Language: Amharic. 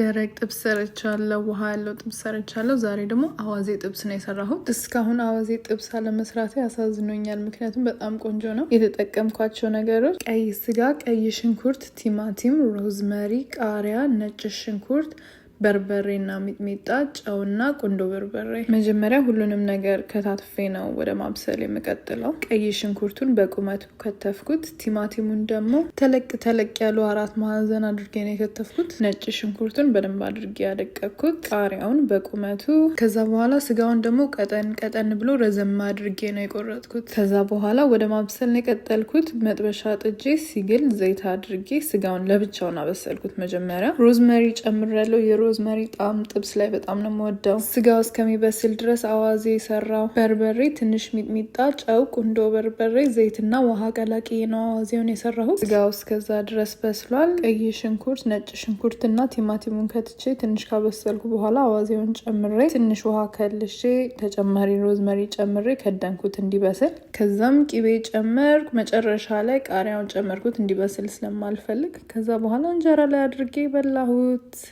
ደረቅ ጥብስ ሰርቻለሁ፣ ውሃ ያለው ጥብስ ሰርቻለሁ። ዛሬ ደግሞ አዋዜ ጥብስ ነው የሰራሁት። እስካሁን አዋዜ ጥብስ አለመስራት ያሳዝኖኛል፣ ምክንያቱም በጣም ቆንጆ ነው። የተጠቀምኳቸው ነገሮች ቀይ ስጋ፣ ቀይ ሽንኩርት፣ ቲማቲም፣ ሮዝመሪ፣ ቃሪያ፣ ነጭ ሽንኩርት በርበሬና ሚጥሚጣ፣ ጨውና ቁንዶ በርበሬ። መጀመሪያ ሁሉንም ነገር ከታትፌ ነው ወደ ማብሰል የምቀጥለው። ቀይ ሽንኩርቱን በቁመቱ ከተፍኩት። ቲማቲሙን ደግሞ ተለቅ ተለቅ ያሉ አራት ማዕዘን አድርጌ ነው የከተፍኩት። ነጭ ሽንኩርቱን በደንብ አድርጌ ያደቀኩት፣ ቃሪያውን በቁመቱ። ከዛ በኋላ ስጋውን ደግሞ ቀጠን ቀጠን ብሎ ረዘም አድርጌ ነው የቆረጥኩት። ከዛ በኋላ ወደ ማብሰል ነው የቀጠልኩት። መጥበሻ ጥጄ ሲግል ዘይት አድርጌ ስጋውን ለብቻውን አበሰልኩት። መጀመሪያ ሮዝመሪ ጨምሬያለሁ። የሮዝመሪ ጣም ጥብስ ላይ በጣም ነው የምወደው። ስጋው እስከሚበስል ድረስ አዋዜ የሰራው በርበሬ፣ ትንሽ ሚጥሚጣ፣ ጨው፣ ቁንዶ በርበሬ፣ ዘይትና ውሃ ቀላቂ ነው አዋዜውን የሰራሁት። ስጋው እስከዛ ድረስ በስሏል። ቀይ ሽንኩርት፣ ነጭ ሽንኩርት እና ቲማቲሙን ከትቼ ትንሽ ካበሰልኩ በኋላ አዋዜውን ጨምሬ ትንሽ ውሃ ከልሼ ተጨማሪ ሮዝመሪ ጨምሬ ከደንኩት እንዲበስል። ከዛም ቂቤ ጨመርኩ። መጨረሻ ላይ ቃሪያውን ጨመርኩት እንዲበስል ስለማልፈልግ። ከዛ በኋላ እንጀራ ላይ አድርጌ በላሁት።